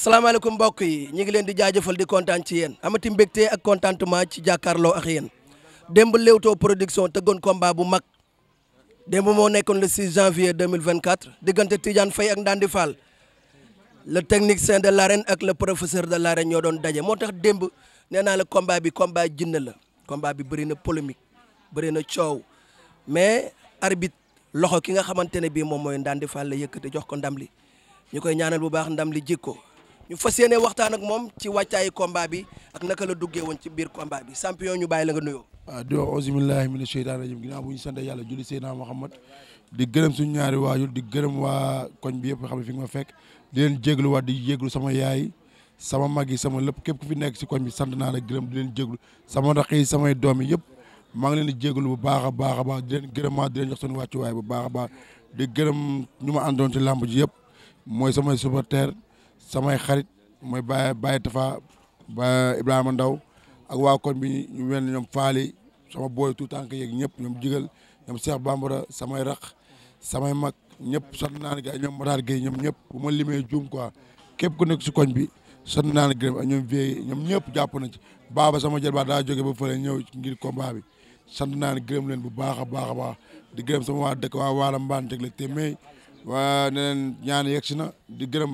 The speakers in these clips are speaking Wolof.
salaamaaleykum mbokk yi ñu ngi leen di jaajëfal di kontaan ci yéen amati mbégte ak contentement ci jàkkaarloo ak yéen démb Leewtoo production tëggoon combat bu mag démb moo nekkoon le 6 janvier 2024 diggante Tidiane fay ak Ndandi la le technicien de l'arène ak le professeur de l'arène ñoo doon daje moo tax démb nee naa la combat bi combat jinne la combat bi bëri na polémique bëri na coow mais arbitre loxo ki nga xamante ne bii moom mooy Ndandi la yëkkate jox ko ndam li ñu koy ñaanal bu ndam li jikko ñu fas yéene waxtaan ak moom ci wàccaayi combat bi ak naka la duggee woon ci biir combat bi champion ñu bàyyi la nga nuyoo. waaw di wax auzubillahi mina sheytaani rajim ginnaaw bu ñu sant yàlla julli Seydina Muhammad di gërëm suñu ñaari waajur di gërëm waa koñ bi yëpp xam ne fi nga fekk di leen jégluwaat di jéglu sama yaay sama mag yi sama lépp képp ku fi nekk si koñ bi sant naa la gërëm di leen jéglu sama rakk yi samay doom yi yëpp maa ngi leen di jéglu bu baax a baax a baax di leen gërëmaat di leen jox suñu wàccuwaay bu baax a baax di gërëm ñu ma àndoon ci làmb ji yëpp mooy samay supporter samay xarit mooy Baye Baye Tafa ba Ibrahima Ndaw ak waa koñ bi ñu mel ne ñoom faali sama booy tout tànk yeeg ñëpp ñoom jigal ñoom Cheikh Bambara samay raq samay mag ñëpp sant naa ne gars ñoom Matar Gueye ñoom ñëpp bu ma limee juum quoi képp ku nekk si koñ bi sant naa ne gërëm ak ñoom ñëpp jàpp nañ ci baaba sama jël daa jóge ba fële ñëw ngir combat bi sant naa ne gërëm leen bu baax a baax a baax di gërëm sama waa dëkk waa waala mbaan teg la te mais waa ne leen ñaan yegg si na di gërëm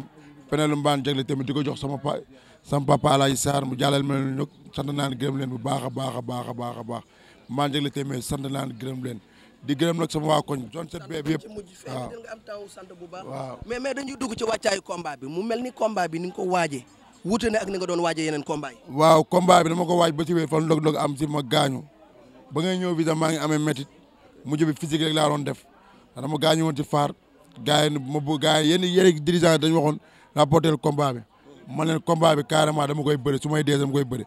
peneelu mbaan jagle tamit di ko jox sama pa sama papa Alaaji Sarr mu jàllale ma leen ñëpp sant naa leen gërëm leen bu baax a baax a baax a baax a baax mbaan jagle tamit sant naa leen gërëm leen di gërëm nag sama waa koñ zone 7B bi yëpp waaw nga am taw sant bu baax waaw mais mais dañuy dugg ci wàccaayu combat bi mu mel ni combat bi ni nga ko waajee wuute na ak ni nga doon waajee yeneen combat yi waaw combat bi dama ko waaj ba ci wér fan ndog-ndog am si ma gaañu ba ngay ñëw bi da maa ngi amee métit mujj bi physique rek laa doon def dama gaañu woon ci faar gars yi ma bu gars yi yenn yenn dirigeant dañu waxoon rapporter combat bi man leen combat bi carrément dama koy bëri su may dee dama koy bëri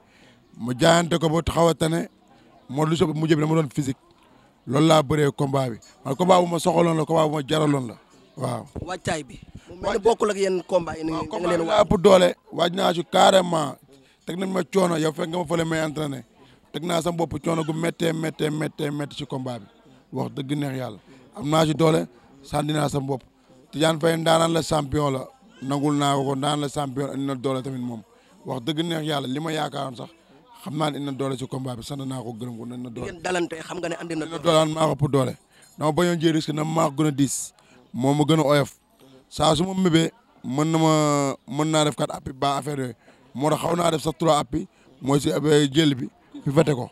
ma jaayante ko ba xaw a tane moo lu so mujj bi dama doon physique loolu laa bëree combat bi man combat bu ma soxaloon la combat bu ma jaraloon la waaw. waajtaay bi. mu mel ne yenn combat yi. nga leen ëpp doole waaj naa si ma coono yow fekk nga ma fële may entraîné teg naa sama bopp coono gu méttee méttee méttee métti si bi wax dëgg neex yàlla am naa si doole sànni naa sama bopp Tidiane Faye la champion la nangul naa ko daan na doole tamit moom wax dëgg neex yàlla li ma yaakaaroon sax xam naa ne na doole si combat bi sant naa ko gërëm ko indi na doole. dalante xam nga ne andi na na maa ko moo ma gën a oyof saa su ma na ma mën naa def kat appi ba affaire yooyu moo tax xaw naa def sax trois appi mooy si jël bi pivoté ko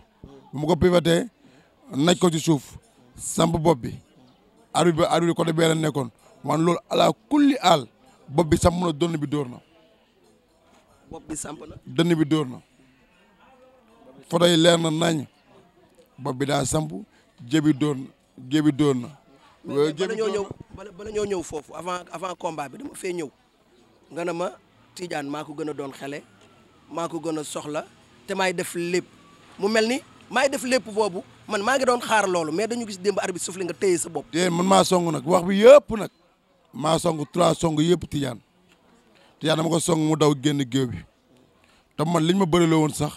bu ma ko pivoté naj ko ci suuf samp bopp bi arbitre bi arbitre côté bee la nekkoon wan loolu ala kulli aal bopp bi samp na dënn bi dóor na. bi samp na. dënn bi dóor na. foto yi leer na nañ bopp bi daa samp jébi dóor na jébi dóor na. bala ñoo ñëw bala ñoo ñëw foofu avant avant combat bi dama fee ñëw nga ne ma tiijaan maa ko gën a doon xale maa ko gën a soxla te maay def lépp mu mel ni maay def lépp boobu man maa ngi doon xaar loolu mais dañu gis démb arbitre suuf li nga téye sa bopp. man maa song nag wax bi yëpp nag. maa song trois song yëpp Tidiane Tidiane dama ko song mu daw génn géew bi te man liñ ma bëriloo woon sax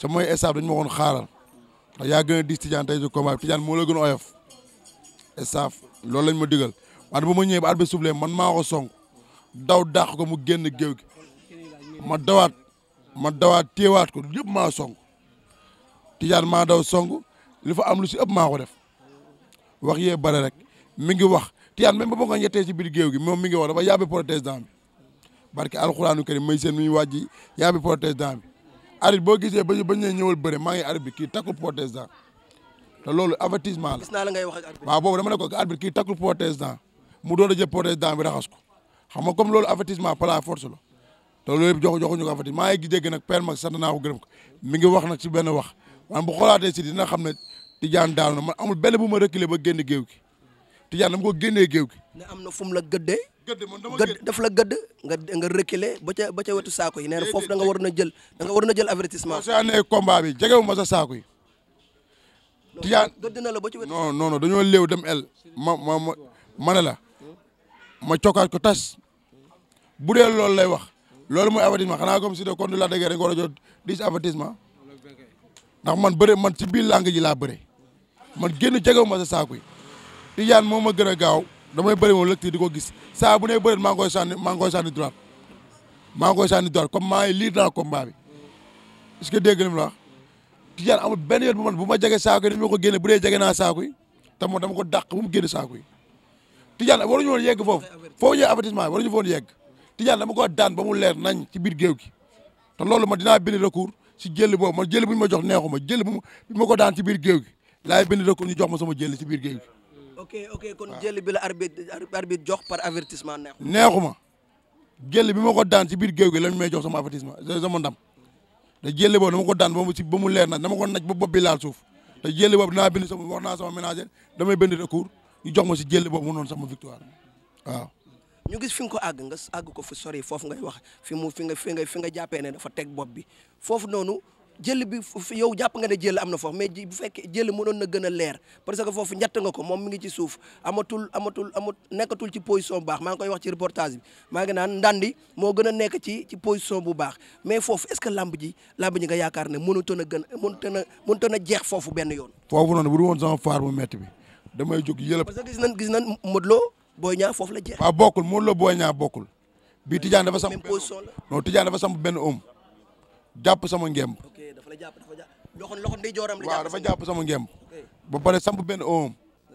samay staff dañ ma woon xaaral ndax yaa gën a diis Tidiane tey ci combat bi Tidiane moo la gën a oyof staff loolu lañ ma diggal waaye bu ma ñëwee bi suuf man maa ko song dàq ko mu génn géew gi ma dawaat ma dawaat téewaat ko yëpp maa song Tidiane maa daw song li fa am lu si ëpp maa ko def wax yee bare rek mi ngi wax. Tidiane même ba ma ko yettee ci biir gi moom mi wax dafa yàbbi protestant bi barke alxuraanu karim may seen mi ñu wàjji yàbbi protestant bi boo gisee ba bañ ne ñëwal bëre maa ngi arit bi naa la ngay wax ak arit bi waaw boobu a jël protestant bi raxas ko xam comme loolu avertissement par la force la te loolu yëpp joxu joxu ñu ko avertissement maa naa ko xam ne Tidiane daanu na man amul benn bu ma reculer ba génn géew gi Tidiane dama ko génnee géew gi. ne am na fu la gëddee. gëdd man dama gëdd daf la gëdd nga nga reculer ba ca ba ca wetu saako yi nee foofu danga war na jël da nga war na jël avertissement. ne combat bi jegewu ma sa saako yi. Tidiane gëdd la ba ci wetu. non non dañoo léew dem el ma ma ma ma ne la ma cokkaat ko tas bu dee loolu lay wax loolu mooy avertissement xanaa comme si de kon la déggee rek nga war a jot dix avertissement ndax man bëre man ci biir làng ji laa bëre man génn jegewu ma sa saako yi. Tidiane moom ma gën a gaaw damay bëri moom lëkk di ko gis saa bu ne bëri maa ngi koy sànni maa ngi koy sànni droite maa ngi koy sànni droite maa ngi liir naa combat bi est-ce que dégg nga li ma wax Tidiane amul benn yoon bu man bu ma jege saako yi moo ma ko génne bu dee jege naa saako yi te moom dama ko dàq ba mu génne saako yi Tidiane waruñu woon yegg foofu foofu ñëwee avertissement waruñu foon yegg Tidiane dama ko daan ba mu leer nañ ci biir géew gi te loolu ma dinaa bind recours si jël boo man jël bu ma jox neexuma jël ma ko daan ci biir géew gi laay bind recours ñu jox ma sama jël ci biir géew ok ok kon ah. jël bi la arbitre jox par avertissement neexu. neexuma jël bi ma ko daan si biir géew gi lañ may jox sama avertissement sama dam te jël boobu ma ko daan ba mu ba mu leer nag dama ko naj ba bopp bi laal suuf te jël boobu dinaa bind sama wax naa sama ménager damay bind recours ñu jox ma si jël boobu mu noonu sama victoire ñu gis fi nga ko àgg nga àgg ko fu sori foofu ngay wax fi mu fi nga fi nga fi nga jàppee ne dafa teg bopp bi foofu noonu. jël bi yow jàpp nga ne jël am na foofu mais bu fekkee jël mënoon na gën a leer parce que foofu ñett nga ko moom mi ngi ci suuf amatul amatul amut nekkatul ci position bu baax maa ngi koy wax ci reportage bi maa ngi naan ndandi moo gën a nekk ci ci position bu baax mais foofu est-ce que làmb ji làmb ji nga yaakaar ne mënutoon a gën mënutoon a mënutoon a jeex foofu benn yoon. foofu noonu bu dul woon sama faar bu métti bi damay jóg yëlëb. parce que gis nañ gis nañ Modou Lo Boy foofu la jeex. waaw bokkul Modou Lo Boy Niang bokkul. bii Tidiane dafa samp benn non Tidiane dafa samp benn om jàpp sama ngemb la jàpp dafa jàpp sama ngemb ba pare samp benn oom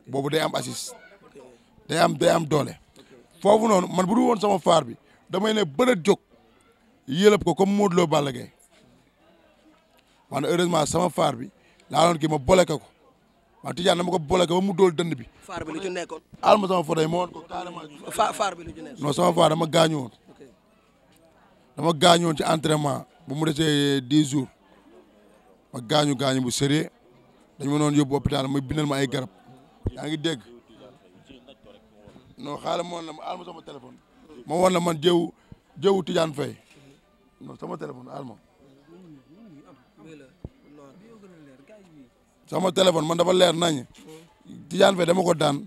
boobu day am assise day am day am doole foofu noonu man bu dul woon sama faar bi damay ne bërët jóg yëlëb ko comme Modou ma ko waaw Tidiane dama ko boole ko ba mu dóol dënd bi. faar bi lu ci nekkoon. ma sama foto ma woon ko carrément. fa faar bi lu ci nekkoon. non sama faar dama gaañu woon dama gaañu woon ci entraînement bu mu desee dix jours. ma gaañu gaañu bu sérieux dañ ma noon yóbbu hôpital ma bindal ma ay garab yaa ngi dégg non xaaral ma woon la ma aal ma sama téléphone ma woon la man jëw jëwu sama téléphone aal ma téléphone man dafa leer nañ Tidiane Faye dama ko daan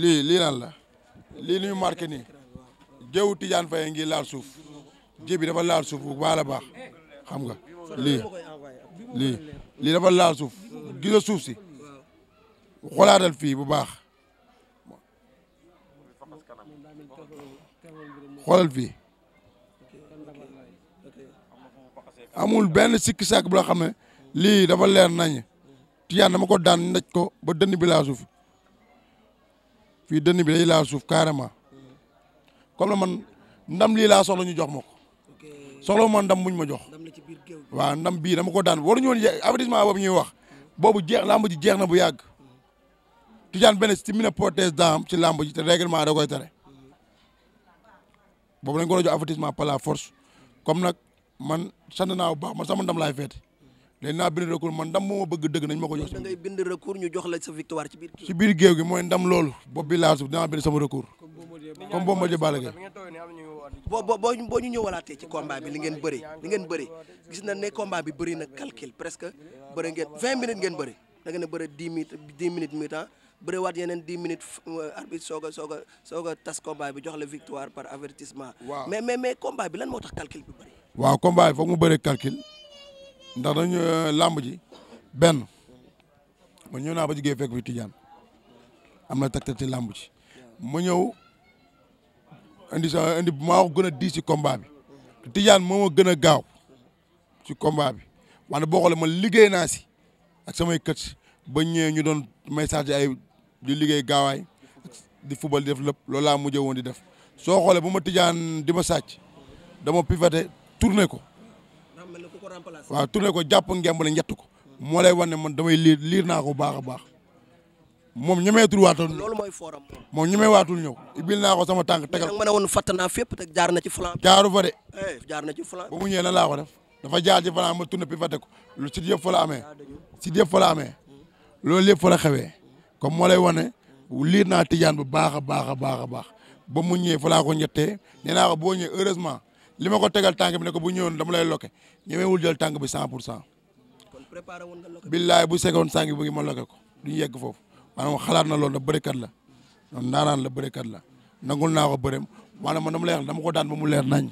lii lii lan la lii li ñu marqué nii jëwu Tidiane Faye ngi laal suuf ji bi dafa laal suuf bu baax la baax xam nga lii lii dafa laal suuf gis suuf si xolaatal fii bu baax xoolal fii amul benn sikki sàkk bu la xam ne lii dafa leer nañ Tidiane dama ko daan naj ko ba dënn bi laal suuf fii dënn bi day laal suuf carrément la man ndam lii laa soxla ñu jox ma ko soxla man ndam muñ ma jox waaw ndam bii dama ko daan waruñu woon avertissement boobu ñuy wax boobu jeex lamb ji jeex na bu yàgg Tidiane benn si mi na protège daam ci lamb ji te da koy tere boobu lañ ko doon jox avertissement par la nag man sant naa bu baax man sama ndam laay feete léegi naa bind recours man ndam moo ma ñu jox la sa victoire ci biir. ci géew gi mooy ndam loolu bopp bi laa suuf dinaa bind sama recours. comme Bombardier Balla Gaye boo boo boo ñu ñëwalaatee ci combat bi li ngeen bëri li ngeen bëri gis na ne combat bi bëri na calcul presque bëri ngeen 20 minutes ngeen bëri da ngeen a bëri minutes 10 minutes mi-temps bëri waat yeneen 10 minutes euh, arbitre soog a soog a a tas combat bi jox la victoire par avertissement. waaw mais mais mais combat bi lan moo tax calcul bi bëri. waaw combat bi foog mu bëri calcul ndax dañu euh, làmb ji benn man ñëw naa ba jigéen fekk fi Tidiane ji indi sa indi maa ko gën a diis ci combat bi Tidiane gën a gaaw ci combat bi wante boo xoolee man liggéey naa si ak samay kët ba ñu doon message di liggéey gaawaay di football di def lépp loolu laa mujjee woon di def soo xoolee bu ma Tidiane di ma sàcc dama pivoté tourné ko waaw tourné ko jàpp ngemb la njett ko moo lay wan man damay liir liir naa ko baax a baax moom ñemeetul waatul ñëw loolu mooy forum moom ñemee waatul ñëw ibil naa ko sama tànk tegal mën a woon fatt fépp te jaar na ci flan jaaru fa de eh, na ci flan ba mu ñëwee lan laa ko dafa jaar ci flan ma tourné pi fatte ko lu si yëpp fa la amee si yëpp fa la amee loolu yëpp fa la xewee comme moo lay wane liir naa tijaan bu baax a baax a baax a baax ba mu ñëwee fa laa ko ñettee nee ko boo ñëwee heureusement li ma ko tegal tànk bi ne ko bu ñëwoon dama lay lokke ñemeewul jël tànk bi cent pour cent billaay bu segoon sànq bi bu ngi ma lokke ko duñu yegg foofu maanaam xalaat na loolu na bërikat la noonu naanaan la bërikat la nangul naa ko bëreem maanaam man dama lay wax dama ko daan ba mu leer nañ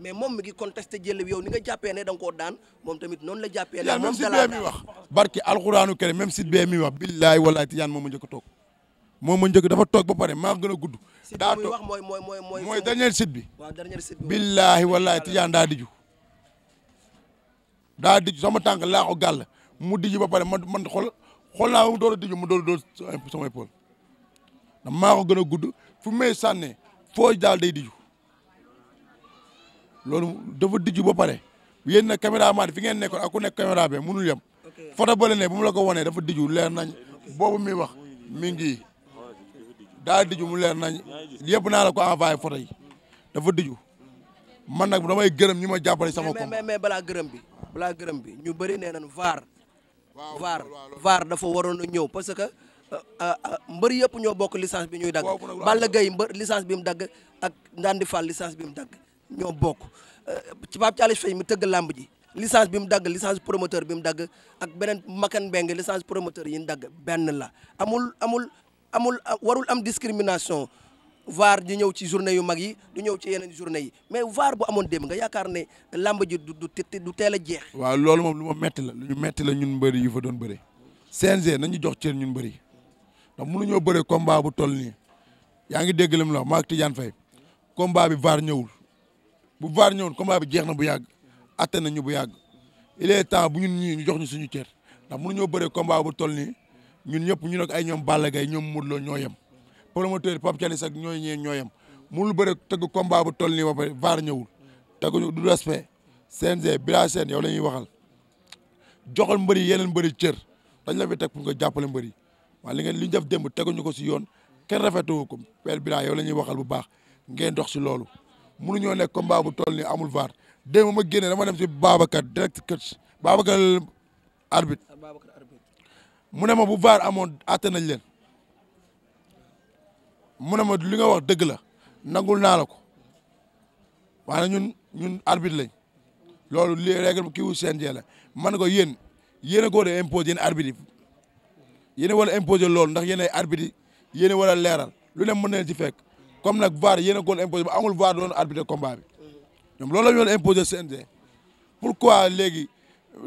mais moom mi ngi contesté jël bi yow ni nga jàppee ne dan nga koo daan moom tamit noonu la jàppee ne même sit bee mi wax barki alxuraanu kere même sit bee mi wax billaay walaay tijaan moom ma njëkk toog moom ma njëkk dafa toog ba pare maa gën a gudd daa toog wax mooy mooy mooy mooy dernier sit bi waaw dernier sit bi billaay walaay tijaan daa diju daa diju sama tànk laa ko gàll mu diju ba pare man man xool xool naa mu door a dijju mu door a door sama épaule ndax maa gën a gudd fu may sànnee foo daal day dijju loolu dafa dijju ba pare yéen na caméra maa fi ngeen nekkoon ak ku nekk caméra bi mënul yem photo bale ne bu mu la ko wanee dafa dijju leer nañ boobu muy wax mi ngi daal dijju mu leer nañ yëpp naa la ko envoyé photo yi dafa dijju man nag damay gërëm ñi ma jàppale sama ko mais mais balaa gërëm bi balaa gërëm bi ñu bëri nee nañ vaar VAR VAR dafa waroon a ñëw parce que euh, euh, euh, mbër yëpp ñoo bokk licence bi ñuy dagg Balla gay mbër licence bi mu dagg ak Ndandi Fall licence bi mu dagg ñoo bokk ci Pape Thialis Faye mu tëgg làmb ji licence bi mu dagg licence promoteur bi mu dagg ak beneen Makan Beng licence promoteur yi mu dagg benn la amul amul amul warul am discrimination vaar di ñëw ci journée yu mag yi du ñëw ci yeneen journée yi mais VAR bu amoon dem nga yaakaar ne làmb ji du du du teel a jeex. waaw loolu moom lu ma metti la lu ñu metti la ñun mbëri yu fo doon bëri CNG nañu jox cër ñun mbëri ndax mënuñoo bëree combat bu toll nii yaa ngi dégg lim la maak bi VAR ñëwul bu VAR ñëwul combat bi jeex na bu yàgg atte nañu bu yàgg il est bu ñun ñii ñu jox ñu suñu cër ndax mënuñoo bëree combat bu tol ni ñun ñëpp ñun ak ay ñoom Balla Gaye ñoom Modou Lo ñoo yem promoteur Pape Thialis ak ñooy ñee ñooyam mënul bëre tëgg combat bu toll nii ba pare vaar ñëwul tëgguñu du respect CNG bila seen yow la ñuy waxal joxal mbëri yeneen mbëri cër dañ la fi teg pour nga jàppale mbëri waaye li ngeen li ñu def teguñu ko si yoon kenn rafetewoo ko père bila yow la ñuy waxal bu baax ngeen dox si loolu mënuñoo nekk combat bu toll nii amul vaar démb ma génne dama dem si Babacar direct coach Babacar arbitre mu ne ma bu vaar amoon atte nañ leen mu ne ma li nga wax dëgg la nangul naa la ko waaye ñun ñun arbitre lañ loolu li règle kii wu CNG la man ko yéen yen a ko war a imposer yéen arbitre yi yéen a loolu ndax yéen ay arbitre yi yéen a war a leeral lu ne mën na ci fekk comme nag VAR yen a ko war a imposer ba amul VAR doon arbitre combat bi ñoom loolu la ñu war a imposer ko pourquoi léegi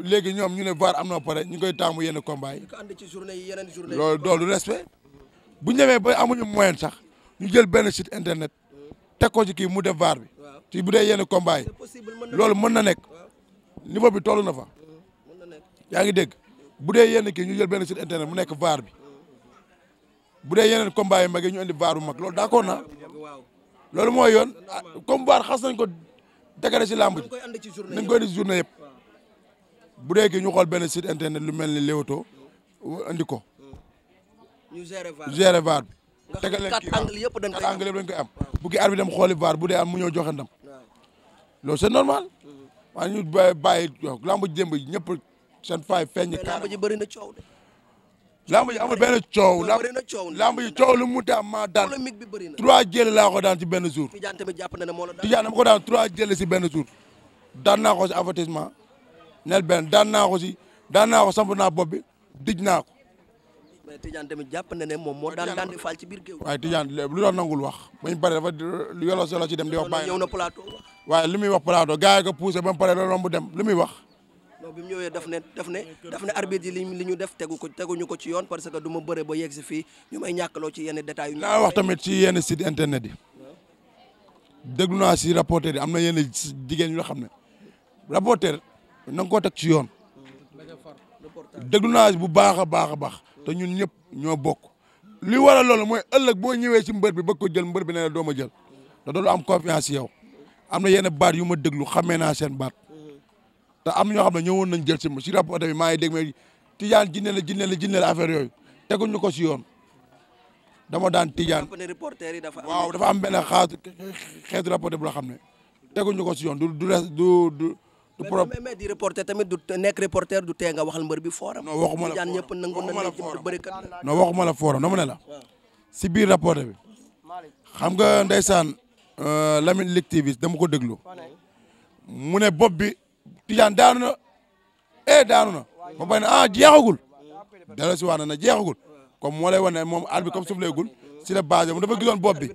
léegi ñoom ñu ne VAR am na pare ñu koy taamu yenn combat yi. ñu ko ànd ci journée yi yeneen journée yi. loolu doolu respect. bu ñu demee ba amuñu mooyen sax ñu jël benn site internet te ko ci kii mu def vaar bi ci bu dee yenn combat yi loolu mën na nekk niveau bi toll na fa mm, yaa ngi dégg bu dee yenn kii ñu jël benn site internet mu nekk vaar bi mm. bu dee yeneen combat yu mag yi ñu indi vaar bu mag loolu d'accord na loolu mooy yoon ah, comme vaar xas nañ ko déclaré si làmb ji nañ koy indi si journée yëpp bu dee kii ñu xool benn site internet lu mel ni Leewtoo indi ko. ñu gérer VAR nga tegal leen kii angle yëpp dañ koy am angle yëpp dañ koy am bu kii arbitre dem bu dee am mu ñëw joxe ndam loolu se normal mm-hmm. waaye ñu bàyyi bàyyi lamb ji démb ñëpp seen faay feeñ lamb ji bëri na coow de lamb ji amul benn coow lamb ji coow lu mu am maa daan trois jël laa ko daan ci benn jour Tidiane tamit jàpp na ne moo la daan Tidiane dama ko daan trois jël ci benn jour daan naa ko si avertissement nel benn daan naa ko si daan naa ko samp naa bopp bi dij naa ko mais Tidiane tamit jàpp na ne moom moo daan daan di faal ci biir géew. lu doon nangul wax bañ pare dafa yolo ci dem di wax. bàyyi na plateau. waaye li muy dem li muy wax. non ko teguñu ko ci yoon parce que du ma ba yegg si fii ñu may ñàkkaloo ci yenn détails yu. naa wax tamit ci yenn site internet yi. déglu naa si rapporteur yi am na yenn jigéen ñi nga na koo teg ci yoon. déglu baax a baax te ñun ñëpp ñoo bokk li waral loolu mooy ëllëg boo ñëwee ci mbër bi bëgg ko jël mbër bi ne la doo jël da doolu am confiance yow am na yenn baat yu ma déglu xamee naa seen baat te am na ñoo xam ne ñëwoon nañ jël si ma si rapport maa ngi dégg mais tijaan jinne la jinne la jinne affaire yooyu tegu teguñu ko si yoon dama daan tijaan waaw dafa am benn xaatu xeetu rapport bu la xam ne tegu teguñu ko si yoon du du du du problème mais tamit du nekk reporter du tee nga waxal mbër bi fooram. non waxuma la fooram ñëpp nangu na nekk bërikat la. la fooram dama ne la. si biir rapport bi xam nga ndeysaan euh, Lamine Ligue TV dama ko déglu mu ne bopp bi Tidiane daanu na eh daanu na ba bay na ah jeexagul dala si wax na na jeexagul comme moo lay wan ne moom at bi comme suuf leegul si la base mu dafa gisoon bopp bi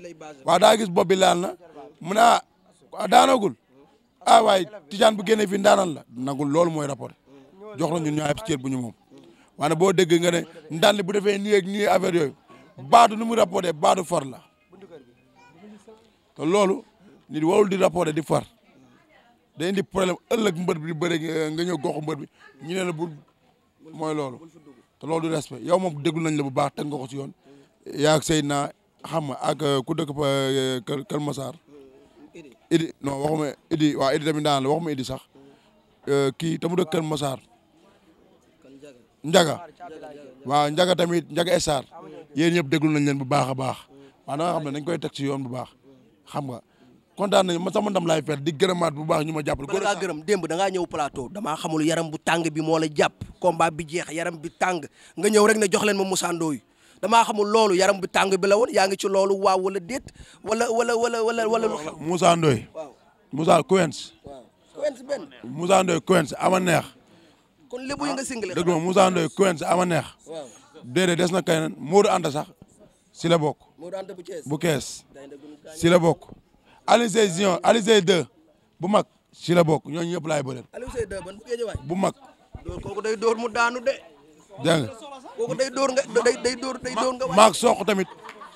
waa daa gis bopp bi laal na mu a ah daanagul ah waaye Tijaan bu génnee fii ndaanaan la nagul loolu mooy rapport jox la ñun ñu ab cër bu ñu moom waane boo dégg nga ne ndaan bu defee nii ak nii yooyu baadu nu mu rapporté baadu far la te loolu nit warul di rapporté di far day indi problème ëllëg mbër bi di nga ñëw gox mbër bi ñu ne la bu mooy loolu te loolu du respect yow moom déglu nañ la bu baax teg nga ko si yoon yaa ak Seydina xam nga ak ku dëkk eh, Kër Idi non waxuma Idi waaw Idi tamit daan waxuma Idi sax euh, kii tamu dëkk Kër Massar Njaga waaw Njaga tamit Njaga Essar yéen ñëpp déglu nañ leen bu baax a baax waaw da xam ne dañ koy teg ci yoon bu baax xam nga kontaan nañu ma sama ndam laay fer di gërëmaat bu baax ñu ma jàppale. góor a gërëm demb da ñëw plateau damaa xamul yaram bu tàng bi moo la jàpp combat bi jeex yaram bi tàng nga ñëw rek ne jox leen ma Moussa Ndoye damaa xamul loolu yaram bi tàng bi la woon yaa ngi ci loolu waaw wala déet wala wala wala wala wala lu xew Moussa Ndoye waaw Moussa Kouens ama neex kon lébu yi nga single dëgg ma Moussa Ndoye Kouens ama neex waaw na kay Modou Anta sax si la bokk Modou Anta bu Kees bu Kees si la bokk Alizé Zion Alizé bu mag si la bokk ñooñu ñëpp laay bëreel Alizé 2 bu géej waay mag kooku day dóor mu daanu de dégg kooku day dóor nga day day dóor day dóor nga. maag soq tamit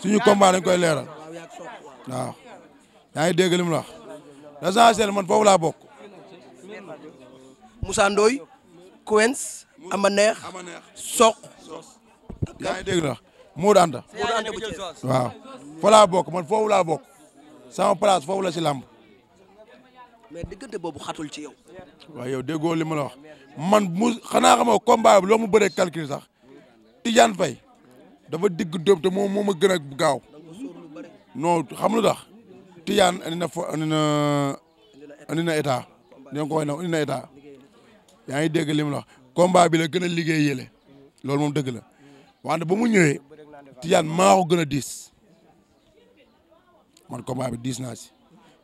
suñu combat dañ koy leeral waaw. yaa ngi dégg li mu la wax l'essentiel man foofu laa bokk. Moussa Ndoye Coens ama neex soq. yaa ngi dégg la Modou Anta. waaw fa laa bokk man foofu laa bokk sama place foofu la si làmb. mais diggante boobu xatul ci yow. waaw yow déggoo li ma la wax man mu xanaa xamoo combat loo mu bëree calcul sax Tidiane Faye dafa digg dóom te moo ma gën a gaaw non xam lu tax Tidiane andi na fo andi na andi na état ngi dégg li mu bi la gën a liggéey yële loolu moom dëgg la wante ba mu ñëwee Tidiane maa ko gën a diis man combat bi diis naa si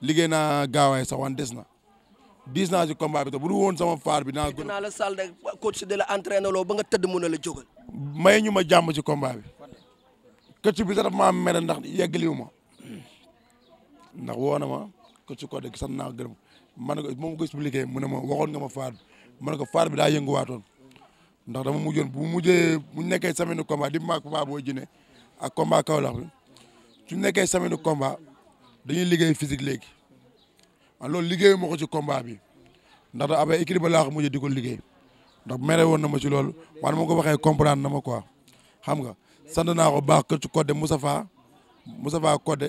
liggéey naa gaawaay sax wan des na diis naa si combat bi te bu du woon sama faar bi naa. la salle de coach de la entraîné loo ba nga tëdd mun a la jógal. may ñu ma jàmm ci combat bi këcc bi sax daf maa mere ndax yeggaliwu ma ndax woo na ma këcc ko de sant naa gërëm ma ne ko moom ko mu ne ma waxoon nga ma faar bi ma ne ko bi daa yënguwaatoon ndax dama mujjoon bu mujjee bu nekke semaine combat di maak Papa Boy Djiné ak combat Kaolack bi suñ nekkee semaine combat dañuy liggéey physique léegi man loolu liggéeyu ma ko ci combat bi ndax da abay équilibre laa ko di ko liggéey ndax mere woon na ma ci loolu waaye ma ko waxee comprendre na ma quoi xam nga sant naa ko baax kër ci Codé Moustapha Moustapha Codé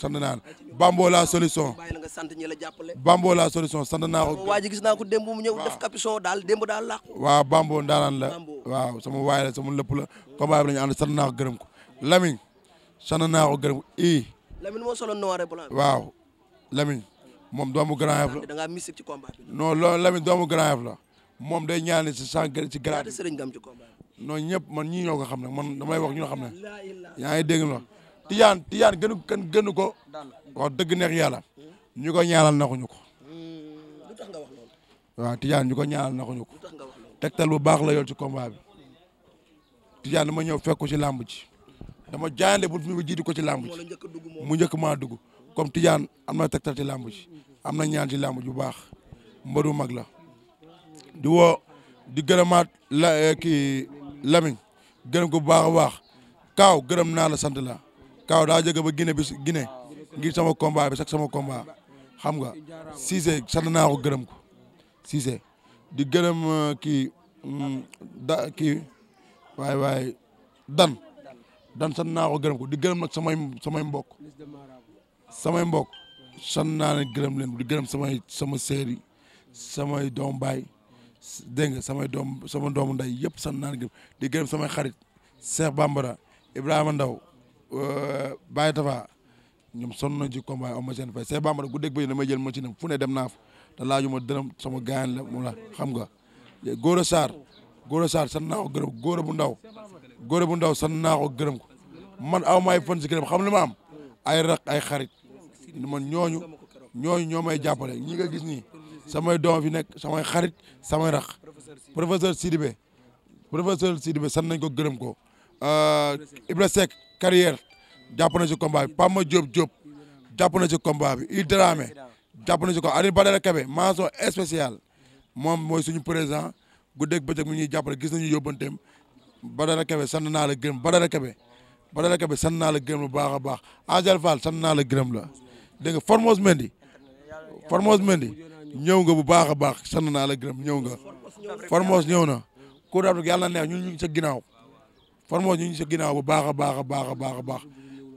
sant naa Bambo la solution bàyyi la nga sant ñi la jàppale Bambo la solution sant naa waa ji gis naa ko démb mu ñëw def capuchon daal démb daal laq waaw Bambo ndaanaan la waaw sama waay la sama lëpp la combat bi la ñu ànd sant naa ko gërëm ko Lamine sant naa ko gërëm ko i Lamine moo waaw Lamine moom doomu grand chef la da ngaa mystique ci la moom day ñaanal si sànq si garaat non ñëpp man ñii ñoo ko xam ne man damay wax ñu nga xam ne yaa ngi dégg la tijaan tijaan gënu kan gënu ko wax dëgg neex yàlla ñu ko ñaanal naxuñu ko hmm, waaw tijaan ñu ko ñaanal naxuñu ko tegtal bu baax la yool ci combat bi tijaan ma ñëw fekk ko ci làmb ji dama jaayande bu ñu jiitu ko ci làmb ji mu njëkk maa dugg comme tijaan am na tegtal ci làmb ji am na ñaan ci làmb ji bu baax mbëru mag la di woo di gërëmaat la eh, kii Lamine gërëm ko bu baax a baax kaaw gërëm naa la sant la kaaw daa jóge ba Guinée bi gi ngir sama combat bi sax sama combat xam nga Cissé sant naa ko gërëm ko Cissé di gërëm eh, kii mm, da kii waay waay dan dan sant naa ko gërëm ko di gërëm nag samay mbok mbokk samay mbokk sant naa leen gërëm leen di gërëm samay sama seeri samay doom dégg nga samay doom sama doomu nday yëpp sant naan gërëm di gërëm samay xarit Cheikh Bambara Ibrahima Ndaw euh, Baye Tafa ñoom sonn nañ ci combat am ma seen fay Cheikh Bambara ku dégg ba damay jël machine am fu dem naa fa te laajuma dërëm sama gaañ la moom la xam nga Gora Sarr Gora Sarr sant naa ko gërëm Gora bu ndaw Gora bu ndaw sant naa ko gërëm man aw maay fan si gërëm xam li ma am ay rak ay xarit man ñooñu ñooñu ñoo may jàppale ñi nga gis nii samay doom fi nekk samay xarit samay rax professeur Sidibé professeur Sidibé sant nañ ko gërëm ko euh, Ibra Seck carrière jàpp na ci combat bi Pama Diop Diop jàpp na ci bi il Dramé jàpp na ci ko Alioune Badara Kebe mention spéciale moom mooy suñu président guddeeg bëccëg mu ñuy jàppale gis nañu yóbbanteem Badara Kebe sant naa la gërëm Badara Kebe Badara Kebe sant naa la gërëm lu baax a baax Angel Fall sant naa la gërëm la dégg nga Formose Mendy Formose ñëw nga bu baax a baax sant naa la gërëm ñëw nga Formose ñëw na ko daal yàlla neex ñu ñu sa ginnaaw Formose ñu ñu sa ginnaaw bu baax a baax baax a baax a baax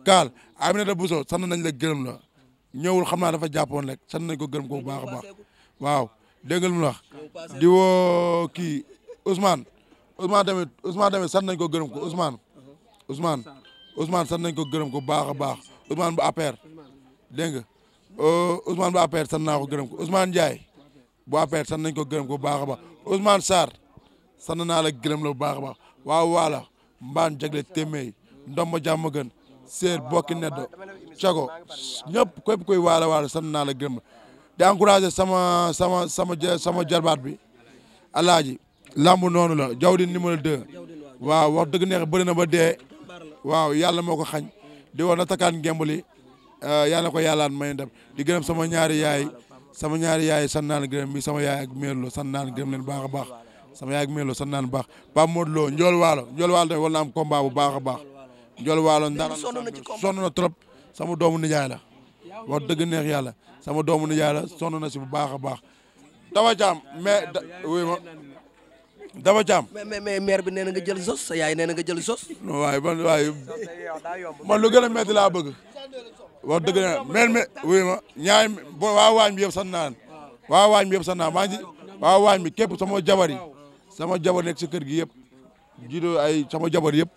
Kaal Aminata Bousso sant nañ la gërëm la ñëwul xam naa dafa jàppoon rek sant nañ ko gërëm ko bu baax a baax waaw la mu wax di woo kii Ousmane Ousmane tamit Ousmane tamit sant nañ ko gërëm ko Ousmane Ousmane Ousmane sant nañ ko gërëm ko a bu APR dégg Euh, Ousmane bu APR sant naa ko gërëm ko Ousmane Ndiaye bu APR sant nañ ko gërëm ko bu baax a baax Ousmane Sarr sant naa la gërëm la bu baax a baax waaw waala mbaan jagle téeméy ndomba jàmm gën séer bokki neddo cago ñëpp képp koy waala waala sant naa la gërëm la di encouragé sama sama sama sama jarbaat bi alaaji lamb noonu la jaw di numéro 2 waaw wax dëgg neex bëri na ba dee waaw yàlla moo ko xañ di wax na takaan ngembali Euh, yàlla na ko yàllaat may ndam di gërëm sama ñaari yaay sama ñaari yaay sant naan gërëm bi sama yaay ak Merlo sant naan gërëm leen baax a baax sama yaay ak Merlo sant naan baax Pape Modou Lo Ndiol Waalo Ndiol Waalo tamit na am baax a baax Ndiol Waalo ndara sonn na trop sama doomu nijaay la wax dëgg neex yàlla sama doomu nijaay la sonn na si bu baax a baax Daba Thiam mais ma Daba Thiam. mais mais maire bi nee na nga jël sos sa yaay nee na nga jël sos. waaye man lu gën a métti laa bëgg. wax dëgg na mel me wuy ma ñaay waa waañ bi yëpp sant naa waa waañ bi yëpp sant maa ngi waa waañ bi képp sama jabar yi sama jabar nekk si kër gi yëpp jidoo ay sama jabar yëpp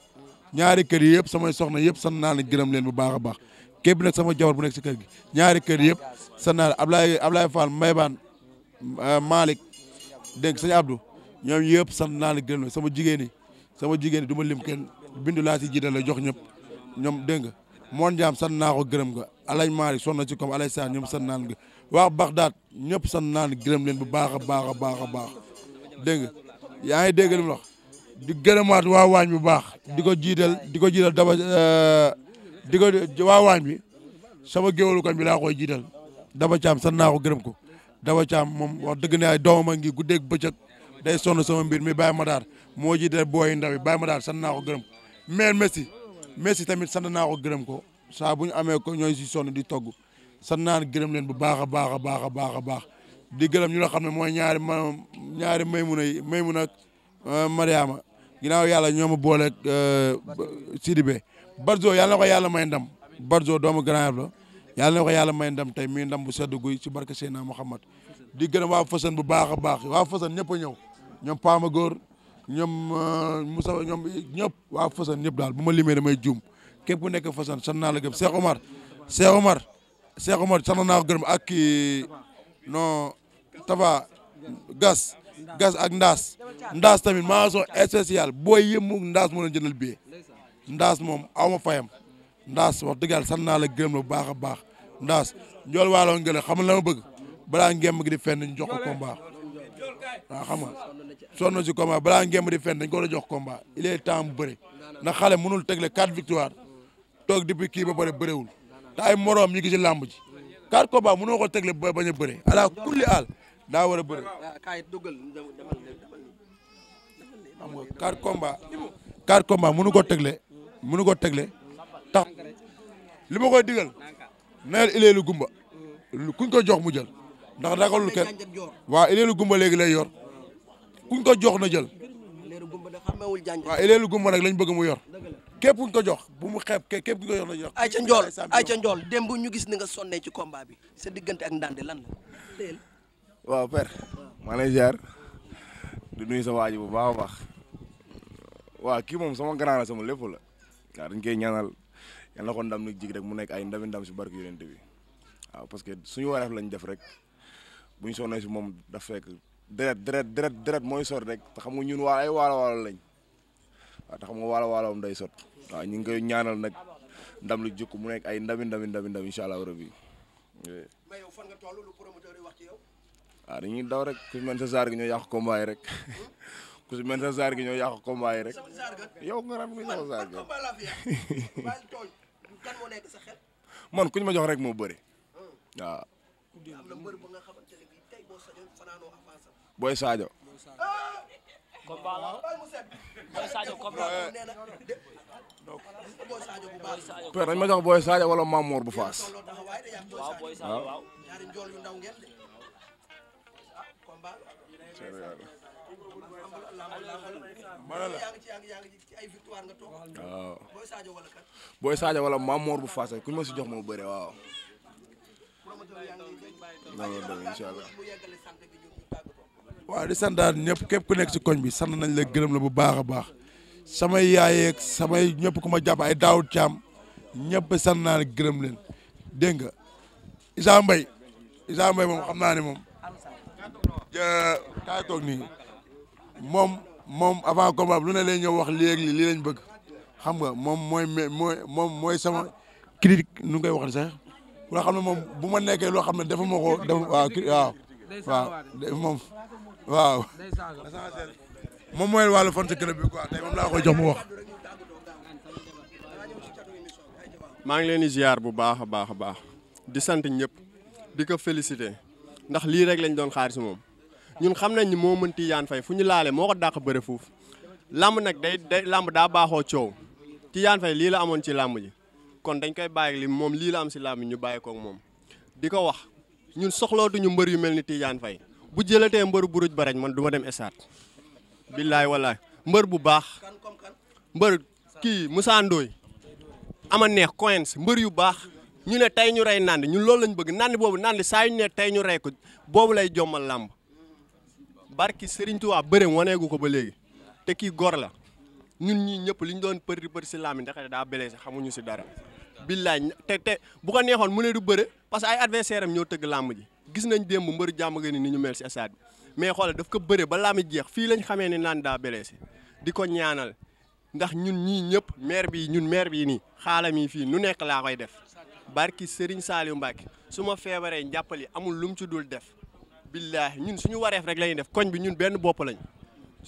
ñaari kër yi sama soxna yëpp sant naa leen gërëm leen bu baax a baax képp nag sama jabar bu nekk si kër gi ñaari kër yëpp sant naa Ablaye Ablaye Maybaan euh, Malick dégg sëñ Abdou ñoom yëpp sant naa leen sama jigéen ñi sama jigéen ñi du ma lim kenn bindu laa si jiital la jox ñëpp ñoom dégg nga moon jaam sant naa ko gërëm nga alaj maari son na ci comme alaj sar ñëpp sant naan nga waa Bagdad ñëpp sant naan gërëm leen bu baax a baax a baax a baax dégg nga yaa ngi dégg mu wax di gërëmaat waa waañ bu baax di ko jiital di ko jiital daba euh, ko waa waañ bi sama géwalu bi laa koy jiital daba caam sant naa ko gërëm ko daba caam moom wax dëgg ne ay a ngi guddeeg bëccëg day sonn sama mbir mi Baye Madaar moo jiital booy ndaw yi Baye Madaar sant naa ko gërëm mais merci Messi tamit sant naa ko gërëm ko saa bu ñu amee ko ñooy si sonn di togg sant naa gërëm leen bu baax a baax a baax a baax a baax di gërëm ñu la xam ne mooy ñaari ma ñaari Maymuna yi Maymuna ak euh, Mariama ginnaaw yàlla ñoo ma booleeg euh, Sidibé Barzo yàlla ko yàlla may ndam Barzo doomu Grand Yoff la yàlla na ko yàlla may tey mii ndam bu sedd guy ci barke Seydina Muhammad di gërëm waa Fassane bu baax a baax waa Fassane ñëpp a ñëw ñoom Pama Góor ñoom euh, Moussa ñoom ñëpp waa Fassane ñëpp daal bu ma limee damay juum képp ku nekk Fassane sant naa la gëm Cheikh Omar Cheikh Omar Cheikh Omar sant naa ko gërëm ak kii non Tafa Gas Gas ak Ndaas Ndaas tamit mention spéciale booy yëmmu Ndaas moo leen jëndal billet Ndaas moom aw ma fayam Ndaas wax dëgg yàlla naa la gërëm la bu baax a baax Ndaas njool waaloo ngële xam la ma bëgg balaa ngemm gi di fenn ñu jox ko waaw ah, xam nga sonn si combat balaa ngeen di fen dañ ko war a jox combat il est temps bu bëri ndax xale mënul tegle quatre victoire toog depuis kii ba pare bëriwul te ay moroom ñu ngi ci làmb ji quatre combat mënoo ko tegle ba bañ a bëri ala kulli aal daa war a bëri. Ah, xam nga quatre combat quatre combat mënu ko tegle mënu ko tegle tax li ma ko digal neel ileelu gumba kuñ ko jox mu ndax ragalul kenn waaw ileelu gumba léegi lay yor kuñ ko jox na jël waaw ileelu gumba nag lañ bëgg mu yor képp kuñ ko jox bu mu xeeb képp kuñ ko yor na jox ay ca njool dem ca ñu gis ni nga sonnee ci combat bi sa diggante ak ndande lan la waa père maa lay ziar du nuyu sa waaji bu baax a baax waa kii moom sama grand la sama lépp la waaw dañ koy ñaanal yal na ko ndam ni jig rek mu nekk ay ndami ndam si barke yonent bi waaw parce que suñu wareef lañ def rek bu ñu sonnee si moom daf fekk deret deret deret deret mooy sot rek te xam nga ñun waa ay waalo waalo lañ waaw te xam nga waalo waalo day sot waaw ñu ngi koy ñaanal nag ndam lu jukk mu nekk ay ndami ndami ndami ndam incha allah rabbi mais yow fan nga toll lu promoteur yi wax ci yow. waaw dañuy daw rek ku si mel sa saar gi ñoo yàq combat yi rek ku si mel sa saar gi ñoo yàq combat yi rek yow nga ram mi sama saar gi man ku ñu ma jox rek moo bëri hmm. waaw. Boy Sadio. combat la ma jox Boy Sadio wala Mamour bu Faas. waaw Boy Sadio waaw. Ah, waaw. bu Faas ku ma si jox ma bëre waaw. noonu la demee incha waaw di santaat ñëpp képp ku nekk ci koñ bi sant nañ la gërëm la bu baax a baax samay yaayeeg samay ñëpp ku ma jàpp ay daawut caam ñëpp sant naa la gërëm leen dégg nga Isa Mbaye moom xam naa ne moom kaay toog moom moom avant combat lu ne lay ñëw wax léegi lii lañ bëgg xam nga moom mooy mooy moom mooy sama critique nu ngay wax sax bu xam ne moom bu ma nekkee loo xam ne dafa ma ko dafa waaw waaw waaw moom waaw moom mooy wàllu fan si club bi quoi tey moom laa koy jox mu wax maa ngi leen di ziar bu baax a baax a baax di sant ñépp di ko félicité ndax lii rek lañ doon xaaris moom ñun xam nañ ni moo mën Tidiane Faye fu ñu laale moo ko dàq bëre foofu làmb nag day day làmb daa baaxoo coow Tidiane Faye lii la amoon ci làmb ji kon dañ koy bàyyi li moom lii la am ñu bàyyi koog moom di ko wax ñun soxlootuñu mbër yu mel ni tiijaan Faye bu jëlatee mbër bu ruj barañ man du ma dem estaat billaay wallaay mbër bu baax mbër kii Moussa Ndoye ama neex coins mbër yu baax ñu ne tey ñu rey nandi ñun loolu lañ bëgg nandi boobu nandi saa ñu ne tey ñu rey ko boobu lay jommal làmb barki Serigne Touba bërëm waneegu ko ba léegi te kii gor la ñun ñii ñëpp li ñu doon për di për si làmb yi ndax daa belee xamuñu si dara billaay te te bu ko neexoon mu ne du bëre parce que ay adversaire am ñoo tëgg làmb ji gis nañ démb mbëru jàmm nga ni ñu mel si stade bi mais xoolal daf ko bëre ba làmb jeex fii lañ xamee ne naan daa blessé di ko ñaanal ndax ñun ñii ñëpp maire bii ñun maire bii nii xaalam yi fii nu nekk laa koy def barki Serigne Saliou Mbacke su ma feebaree njàppali amul lu mu ci dul def billahi ñun suñu wareef rek la def koñ bi ñun benn bopp lañ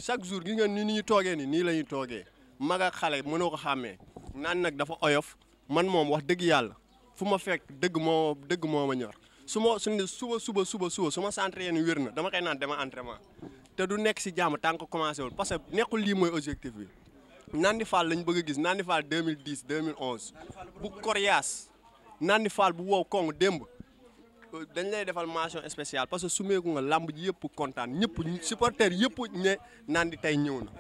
chaque jour gis nga ni ñu toogee nii nii la ñuy toogee mag xale mënoo ko xàmmee naan nag dafa oyof man moom wax dëgg yàlla fu ma fekk dëgg moo dëgg moo ma ñor su ma su suba suba suba suba su ma nu yéen wér na dama koy naan dema dama entraînement te du nekk si jàmm tànk que commencé wul parce que nekkul lii mooy objectif bi Nandi Fall lañ bëgg a gis Nandi Fall 2010 2011 bu coriace Nandi Fall bu wow kong démb euh, dañ lay defal mention spéciale parce que su meeku nga làmb ji yëpp kontaan ñëpp supporter yëpp ne Nandi tey ñëw na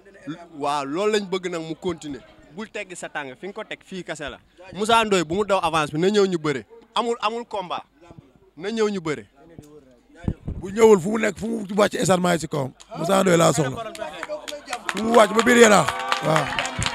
waaw loolu lañ bëgg nag mu continuer bu tegg sa tàng fi nga ko teg fii kase la Moussa Ndoye bu mu daw avance bi na ñëw ñu bëre amul amul combat na ñëw ñu bëre. bu ñëwul fu mu nekk fu mu wàcc esaan maa ngi si kawam Moussa Ndoye laa soxla fu mu wàcc ba biir yéen waaw.